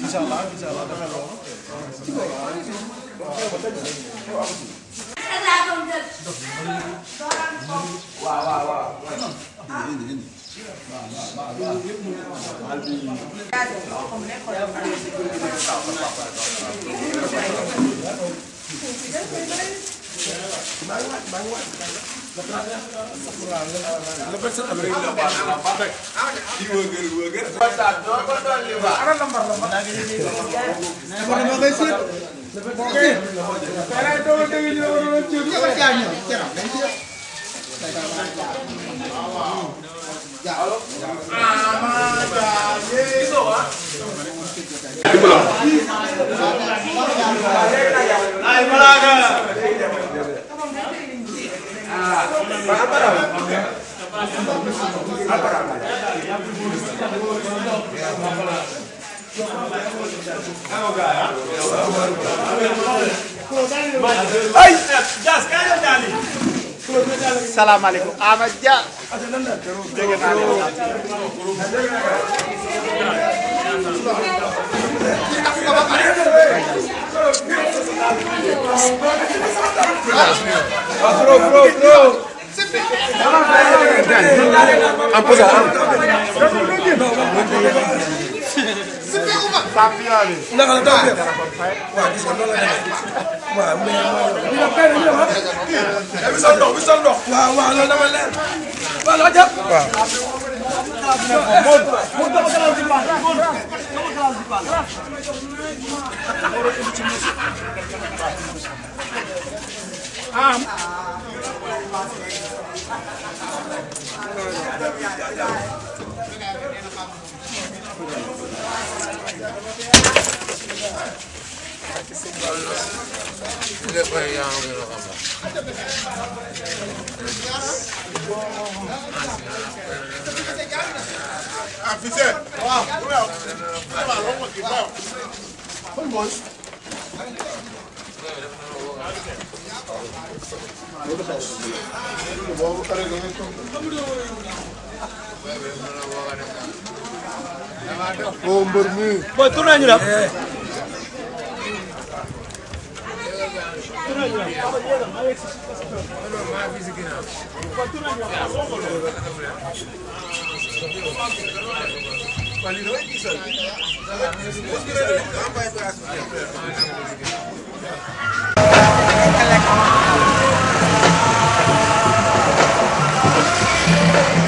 incha allah incha allah dana lool ci kaw waaw waaw waaw waaw waaw waaw bangun bangun lepas amri lepas lepas diwager wager satu apa tuh lima ada lembar lembar lagi ini lembar lembar kesir Oke, karena itu udah video orang cuci apa sih hanya? Cerah, Aman, jadi. Itu lah. Ayo, ay jaas ka yow daal salaamaaleykum Amath Dia dégg naa leen Pro, pro, pro. Am pus am. Sapiale. Naka la toog def. Waaw gis nga noonu la def. Waaw mu ngi def kay ñu def. Kii bi sol ndox bi sol ndox. Waaw waaw loolu dama leer. Waaw la jàpp. Waaw. Mo dama kalal di bal. Mo dama kalal di bal. am àfisẹ́ wà lórí àwọn ọmọ lọ́wọ́ kìí bá ọ. oo mbër mi. booy tournée ñu Thank you.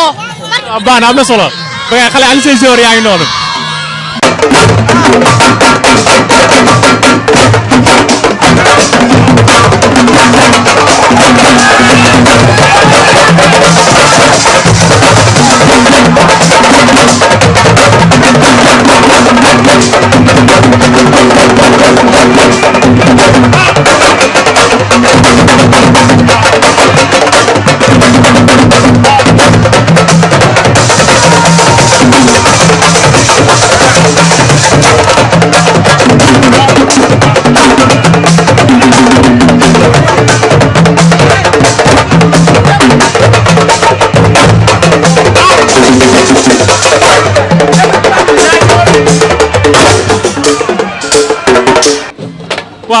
non. baax na am na solo. ba xale Alioune Seye Junior yaa ngi noonu.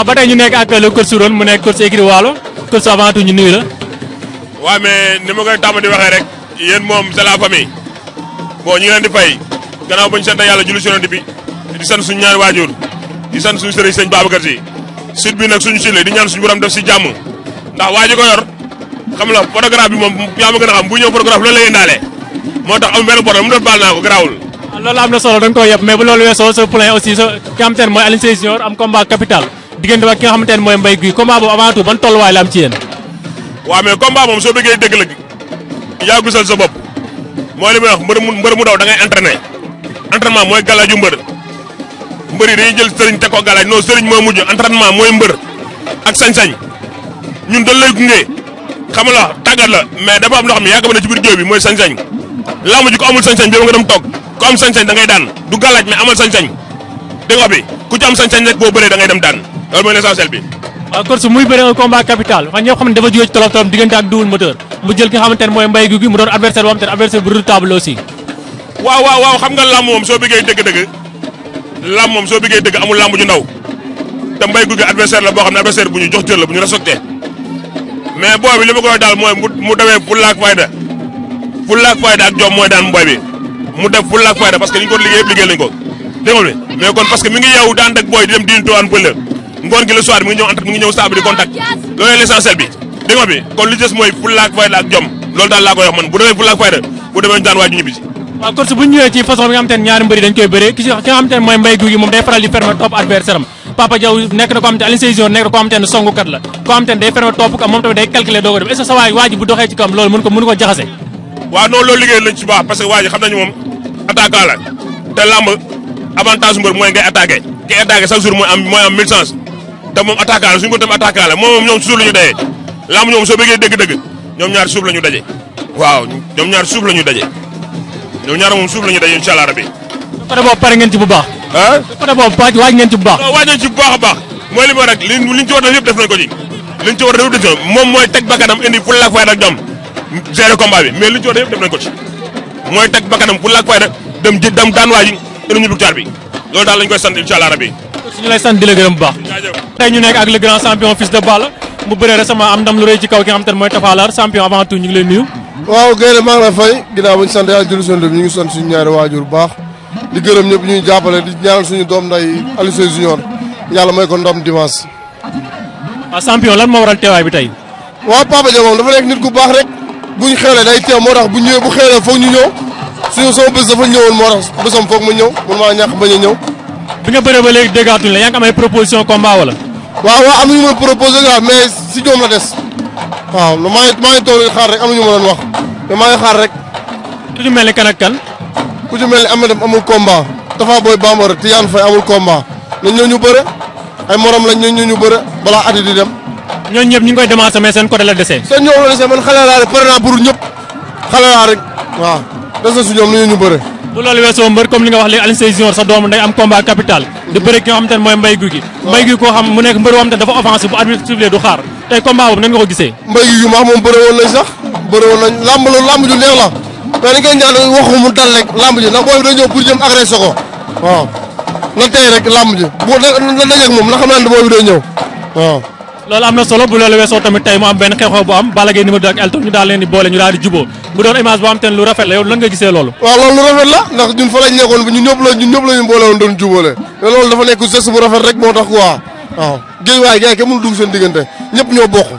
waaw ba tey ñu nekk ak le course ron mu nekk course écrit waalo course avant tout ñu nuyu la waaw mais ni ma koy tàmm di waxee rek yéen moom c'est la famille bon ñu leen di fay gannaaw bañ sant yàlla julli si bi di sant suñu ñaari waajur di sant suñu sëriñ sëñ si sud bi nag suñu sud di ñaan suñu borom def si jàmm ndax waa ji ko yor xam la photographe bi moom yaa ma gën a xam bu ñëw photographe loolu lay indaale moo tax am benn problème mu def baal naa ko garaawul ah, loolu am solo mais bu aussi am combat capital diggante ak ki nga xamantene moy mbay gui combat boobu avant tout ban tolluwaay la am ci yeen wa mais combat moom so bëggee dëgg la ya gisal sa bop mooy li may wax mbeur mu mbër mu daw da ngay entraîner entraînement moy galaju mbeur mbër yi dañuy jël sëriñ teg ko galaj no sëriñ mooy mujj entraînement moy mbeur ak sañ-sañ ñun da lay gungé xam nga la tàggat la mais dafa am lo xam yaaka yaakaar na ci bir géew moy sañ-sañ lamu ji ko amul sañ-sañ bi nga dem tok ko am sañ-sañ da ngay daan du galaj mais amal sañ-sañ dengo bi ku ci am sañ-sañ rek bo beure da ngay dem daan loolu mooy l'essentiel bi. waaw course muy bëri un combat capital wax ñëpp xam ne dafa jógee ci tolof tolof diggante ak double moteur mu jël ki nga xamante ne mooy mbay gi mu doon adversaire boo xam ne adversaire bu redoutable aussi. waaw waaw waaw xam nga làmb moom soo bëggee dëgg-dëgg làmb moom soo bëggee dëgg amul làmb ju ndaw te mbay gu gi adversaire la boo xam ne adversaire bu ñu jox cër la bu ñu respecté booy bi li ma daal mooy mu dawee fulla ak fayda fulla ak fayda ak jom mooy daan booy bi mu def fulla ak fayda ngoon gi le mi ngi ñëw entre mi ngi ñëw saabu di contact loolu l'essentiel bi dégg bi kon li des mooy fulla ak fayda ak jom loolu daal laa koy wax bu demee fulla ak fayda bu demee daan waaju ñibbi si waaw bu ñu ñëwee ci façon bi nga xam ñaari mbëri dañ koy bëree ki nga xam mooy mbay guy gi moom day faral di fermer topp adversaire am Papa Diaw nekk na ko xam te Alioune Sèye Junior nekk ko xam te ne songukat la ko xam te day fermer te mom attaquant suñu boroom tamit attaquant la mom ñom suuf lañu dajé lam ñom so bëggé dëgg-dëgg ñom ñaar suuf lañu dajé waaw ñom ñaar suuf lañu dajé ñom ñaar mom suuf lañu dajé inshallah rabbi allah rabi. côté boobu ngeen ci bu baax. hein da côté baaj waaj ngeen ci bu baax. waaj ngeen ci bu baax baax moy li ma rek liñ liñ ci wara def yëpp def nañ ko ci liñ ci wara def def nañ ko moom mooy indi fu la fay ak ñoom zéro combat bi mais liñ ci wara a def yëpp def nañ ko ci moy tek bakanam fu la fay fayda dem jë dem waaj ñu ñu bu ñu bi lool daal lañ koy sant inshallah rabbi rabi. ñu lay sant di la gërëm bu baax tey ñu nekk ak le grand fils de Balla mu bëree récemment am ndam lu rëy ci kaw ki nga xam te ne mooy Tapha Lar champion avant tout ñu ngi lay nuyu waaw Guèye maa ngi lay fay ginnaaw ba ñu sant yàlla julli seen ñu ngi sant suñu ñaari waajur baax di gërëm ñëpp ñuy jàppale di suñu doom nday Alioune Sèye Junior yàlla may ko ndam dimanche waaw ah, champion lan ma waral teewaay bi tey waaw Papa Dia moom dafa nekk nit ku baax rek buñ xewlee day teew moo tax bu ñëwee bu xewlee foog ñu ñëw suñu sama bés dafa ñëwoon moo tax bésam foog ma ñëw mun maa ñàkk bañ a bi nga bëree ba léegi déggaatuñ la yaa ngi am ay proposition combat wala. waaw waaw am na ñu ma proposé quoi mais si ñoom la des waaw maa ngi maa ngi toog xaar rek am ñu ma doon wax mais maa xaar rek. ku ci mel ni kan kan. ku ci mel ni am na dem amul combat Tafa Boy Bambara Tidiane Faye amul combat ne ñoo ñu bëre ay morom lañ ñoo ñu bëre balaa ati di dem. ñooñu ñëpp ñu ngi koy démarché mais seen côté la dese. seen ñoom la dese man xale laa rek pare naa pour ñu bëre. bu loolu weesoo mbër comme li nga wax léegi Alioune Sèye Junior sa doomu nday am combat capital di bëri ki xam te mooy mbay guy gi mbay guy koo xam mu nekk mbër woo xam te dafa offensé bu arbitre du xaar tey combat boobu nan nga ko gisee mbay guy gi maax moom bëri woon nañ sax bëri woon nañ làmb la làmb ju neex la mais dañ koy ñaan waxu mu rek làmb ji ndax booy da ñëw pour jëm agressé ko waaw na tey rek làmb ji bu na dajek moom na xam loolu am na solo bu loolu weesoo tamit tey mu am benn xew-xew bu am Balla Gaye numéro 2 ak Elton ñu daal leen boole ñu daal di juboo mu doon image bu am teen lu rafet la yow lan nga gisee loolu waaw loolu lu rafet la ndax ñun fa lañ nekkoon ñun ñëpp ñëpp la boole woon doon jubóole te loolu dafa nekk geste bu rafet rek moo tax waaw waaw géej waay gars kenn mënul dugg seen diggante ñëpp ñoo bokk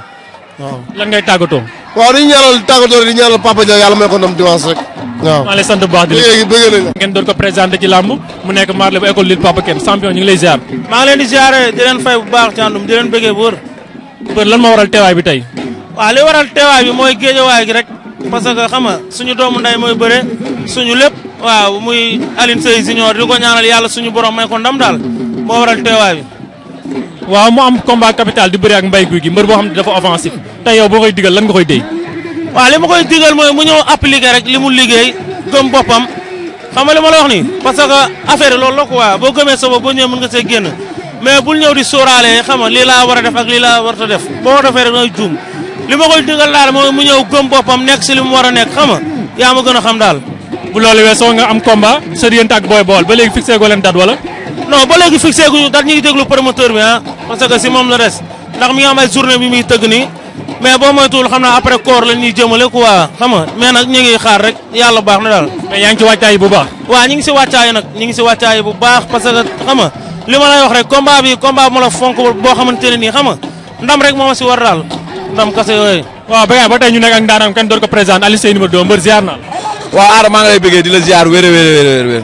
waaw ngay tàggatoo waaw dañu ñaanal tàggatoo di ñaanal Papa mbër lan moo waral teewaay bi tey. waaw li waral teewaay bi mooy géejawaay gi rek parce que xam suñu doomu nday mooy bëre suñu lépp waaw muy Alioune Seye Junior di ko ñaanal yàlla suñu borom may ko ndam daal moo waral teewaay bi. waaw mu am combat capital di bëri ak mbay guy gi mbër boo xam ne dafa offensif tey yow boo koy digal lan nga koy déy. waaw li ma koy digal mooy mu ñëw appliquer rek li mu liggéey gëm boppam xam li ma la wax nii parce que affaire loolu la quoi boo mais buñ ñew di soralé xam nga lii laa war def ak li la war a def bo defee rek ngay juum lima koy digal dal mo mu ñew gëm bopam nek ci limu wara nek a nekk xam nga yaa ma gëna xam dal bu loolu weesoo nga am combat sa diggante ak boy ball ba légui fixé go len dat wala. non ba légui fixé guñu dat ñi ngi déglu promoteur bi ah parce que si mom la des ndax mi ngi am ay journée bi mi tëgg ni mais boo moytuwul xam naa après corps la ñi jëmele quoi xam nga mais nak ñi ngi xaar rek yalla bax na dal mais yaa ngi ci waccay bu baax. wa ñi ngi ci waccay nak ñi ngi ci waccay bu baax parce que xam nga Lima ma lay wax rek combat bi combat bu ma la fonk boo xamante ni nii xam nga ndam rek moo ma si war daal ndam kase yooyu. waaw Bécaye ba tey ñu nekk ak ndaanam kenn door ko présenté Aliou Seye numéro ziar naa la. waaw Aada maa ngi di la ziar wér wér wér wér.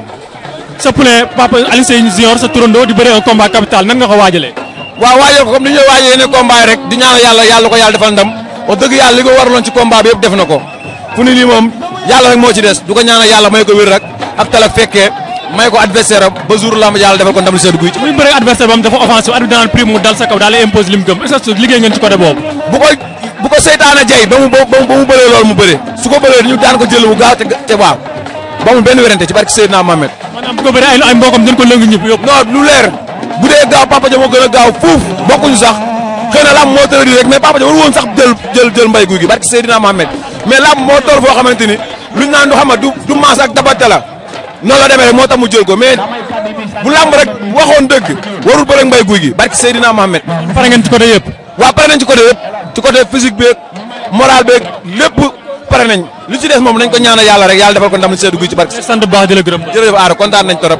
sa poulet papa Aliou Seye junior sa turandoo di bëre un combat capital nan nga ko waajalee. waaw waajal ko comme ni ñu koy waajal combat rek di ñaanal yàlla yàlla ko yàlla defal ndam wax dëgg yàlla li ko ci combat bi yëpp def na ko ni mom moom rek moo ci des du ko ñaanal may ko rek ak tal ak may ko adversaire ba jour lamb yàlla defal ko ndam li sedd ci muy bëre adversaire bam dafa offensive arbitre daan prime mu dal sa kaw dal impose lim gem est-ce que liguey ngeen ci côté bob bu ko bu ko seytaane jey ba mu ba mu beure lol mu beure su ko beure ñu daan ko jël wu gaaw te te waaw ba mu ben wérante ci barki Seydina Mohamed manam bu ko beure ay ay mbokam dañ ko leung ñep yop non lu leer bu dé gaaw Papa jamo gëna gaaw fouf bokku ñu sax xëy lam mo moo tëral rek mais Papa jamo won sax jël jël jël mbay guuy gi barki Seydina Mohamed mais lam mo toor foo xamanteni ni luñ naan du xam du maas ak dabata noonu la demee moo tax mu jël ko mais bu làmb rek waxoon dëgg warul bëre mbay guy gi barki Seydina Mohamed. pare ngeen ci côté yëpp. waaw pare nañ ci côté yëpp ci côté physique beeg moral beeg lépp pare nañ li ci des moom nañ ko ñaanal yàlla rek yàlla defal ko ndam li seddu guy ci barki. sant bu baax di la gërëm. jërëjëf Aara kontaan nañ torop.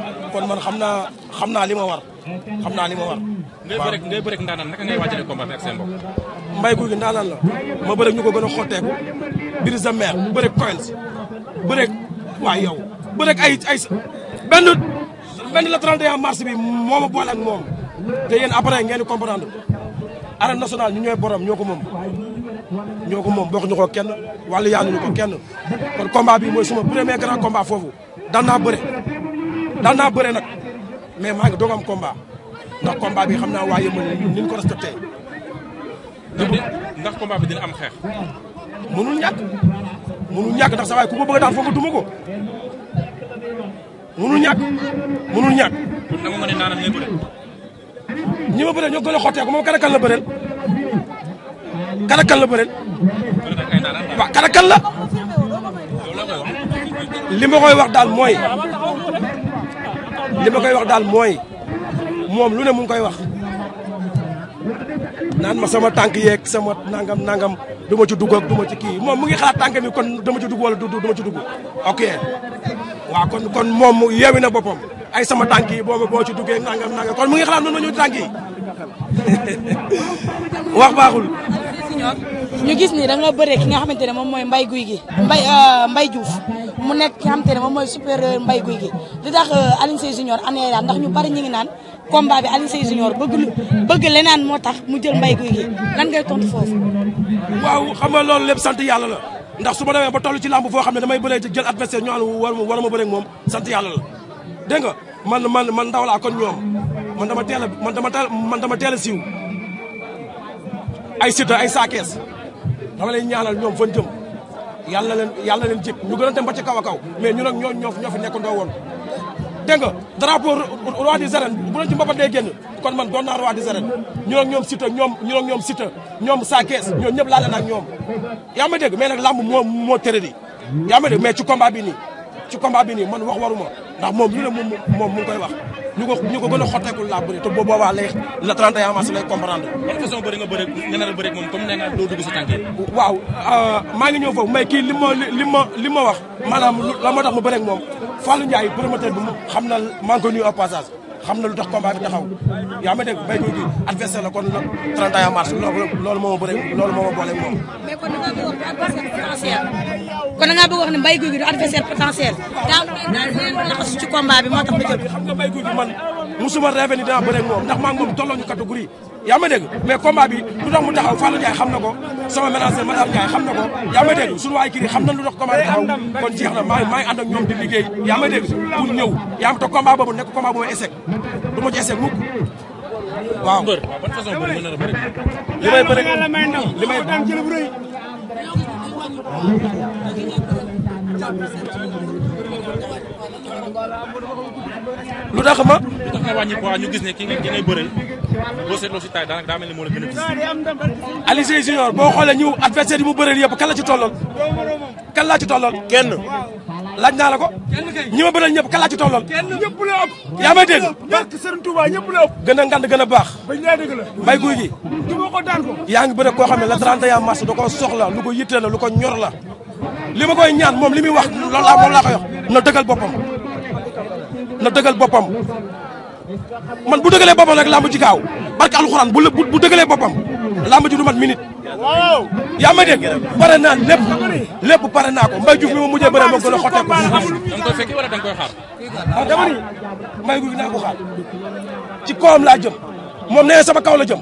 kon man xam naa xam naa li ma war xam naa li ma war. ngay bëre ngay bëre ndaanaan naka ngay waajale combat bi ak seen bopp. mbay guy gi ndaanaan la ma bëre ñu ko gën a xotteeku biir sa mère bëre coins bëre waay yow bëre ay ay mars bi moo ma boole moom te yéen après ngeen di comprendre arène ñu ñooy borom ñoo ko moom. ñoo ko moom bokk ñu ko kenn wala yaanuñu ko kenn kon combat bi mooy suma premier grand combat foofu daan naa daan naa bëre nag mais maa ngi doog am combat ndax combat bi xam naa waa yëmbal ni ko respecté. ndax combat bi dina am xeex. mënul ñàkk mënul ndax sa ku ko bëgg a daan foog nga duma ko mënul ñàkk mënul ñàkk. kon ñi ma bëreel ñoo gën a xotteeku moom kan ak kan la bëreel. kan ak kan la bëreel. waaw wax daal mooy. li ma koy wax daal mooy moom lu ne mu koy wax naan ma sama tànk yeeg sama nangam nangam du ma ci dugg ak du ci kii moom mu ngi xaar tànk mi kon dama ci dugg wala du dama ci dugg ok waaw kon kon moom yeewi na boppam ay sama tànk yi boobu boo ci duggee nangam nangam kon mu ngi xalaat man ma ñëw ci tànk wax baaxul. ñu gis ni da nga bëre ki nga xamante ne moom mooy mbay guy gi mbay euh, mbay Diouf mu nekk ki nga xamante moom mooy supérieur mbay guy gi di tax euh, Alioune Seye Junior année ndax ñu bari ñu ngi naan combat bi Alioune Seye Junior bëgg bëgg lenaan moo tax mu jël mbay guy gi lan ngay tontu foofu. waaw xam nga loolu lépp sant yàlla la ndax su ma demee ba toll ci làmb foo xam ne damay bëree jël adversaire ñu war war ma bëre ak moom sant yàlla la dégg nga man man man ndaw laa kon ñoom man dama teel a man dama teel man dama teel a siiw ay ay saakees dama lay ñaanal ñoom fan jëm yàlla leen yàlla leen jik ñu gën a dem ba ci kaw a kaw mais ñun ak ñoo ñoo ñoo fi nekkandoo woon dégg nga drapeau roi des mbapat day kon man doon naa roi des arènes ñoom Siteu ñoom ñun ak ñoom Siteu ñoom Sa ñoom ñëpp laale na ak ñoom yaa ma dégg mais nag làmb moo moo tëradi yaa ma dégg bi nii ci combat bi nii man wax waruma ndax moom lu ne wax ñu ko ñu ko gën a xotteekul laa bëri te boo boobaa mars lay a bëri moom comme nee nga doo dugg sa tànk waaw euh, li ma li ma li ma wax maanaam la ma tax ma bëri ak moom Fallou Ndiaye promoteur xam na la kon nag 31 mars loolu ma bëri loolu moo ma boole moom. mais kon da ngaa bëgg kon da ngaa bëgg wax ne Mbaye Gouy Gui du adversaire potentiel daaw laxasu ci combat bi moo tax nga jël xam nga Mbaye Gouy Gui man musuma rêvé ni dinaa bëre ak ndax maa ngi moom tolloo ñu catégorie yaa ma dégg mais mu taxaw Fallou Ndiaye xam na ko sama manager ma dégg suñu xam na lu tax combat taxaw kon jeex na maa ñëw yaa ma te combat nekk combat bu du ma ci échec waaw. Gracias. lu tax ma. lu tax boo a gis. Alioune Sèye Junior boo xoolee ñu adversaire yi mu bëreel yëpp kan la ci tolloon. kan laa ci tolloon kenn. laaj naa la ko ñi ma bëral ñëpp kan laa ci tolloon. ñëpp a ngand gën baax. bañ laa dëgg la. guy gi. yaa ngi bëre koo xam ne la 31 mars da koo soxla lu ko yitte ko ñor la li ma koy ñaan moom li muy wax loolu laa moom laa koy wax na dëggal boppam na dëggal boppam man bu dëggalee boppam rek làmb ji gaaw barke alxuraan bu bu dëggalee boppam làmb ji du mat minute. waaw yaa ma dégg pare naa lépp lépp pare naa ko Mbaye Diouf mi ma mujjee bëre moo gën a xotee ko. da nga koy da nga koy xaar. ah dama ni naa ko xaar ci kawam laa jëm. moom nee na sama kaw la jëm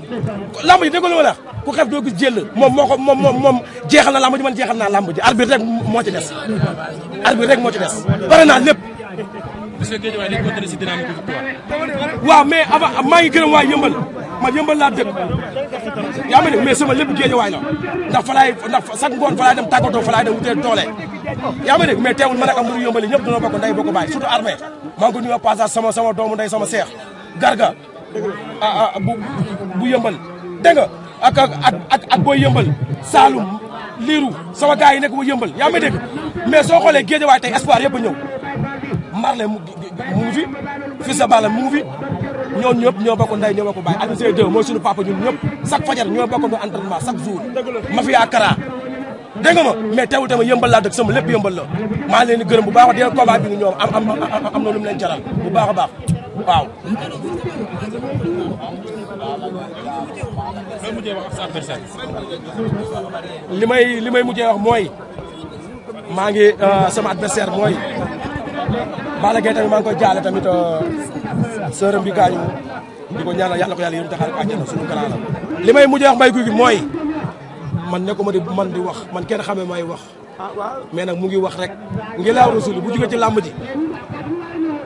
lamb ji dégg nga li ma la ku xef doo gis jël moom moo ko moom moom moom jeexal na lamb man jeexal na lamb ji arbitre rek moo ci des arbitre rek moo ci des pare naa lépp waaw mais avant maa ngi gërëm waay yëmbal man yëmbal laa dëkk yaa ma ne mais sama lépp géejawaay la ndax fa laay ndax sax ngoon fa laay dem tàggatoo fa laay dem wutee doole yaa ma ne mais teewul man ak am mburu yëmbal yi ñëpp dañoo bokk ndey bokk baay surtout armée maa ngi ko nuyoo passage sama sama doomu ndey sama seex garga Ah, ah, bu bu yëmbal dégg nga ak ak ak ak booy yëmbal Saalum liiru sama gars yi nekk bu yëmbal yaa may dégg mais soo xoolee Guédiawaye tey espoir yëpp a ñëw Marley mu fi fi sa bala mu ngi fi ñoon ñëpp ñoo bokk nday ñoo bokk baay Alioune Seye 2 mooy ñun ñëpp chaque fajar ñoo bokk na entraînement chaque jour ma fi yaa kara dégg nga teewul tamit yëmbal laa dëkk sama lépp yëmbal la maa leen gërëm bu baax a dee combat bi nga ñoom am am am leen jaral bu baax a baax waaw. li may li may mujjee wax mooy maa ngi euh, sama adversaire mooy Balla Gaye tamit maa ngi koy jaale tamit euh, sërëm bi gaañu di ko ñaanal yàlla ko yàlla yërëm taxaare ko àjjana suñu galaana li may mujjee wax mbay guy gi mooy man nekkuma di man di wax man kenn xamee may wax ah, mais nag mu ngi wax rek ngi laaw rasul bu jóge ci làmb ji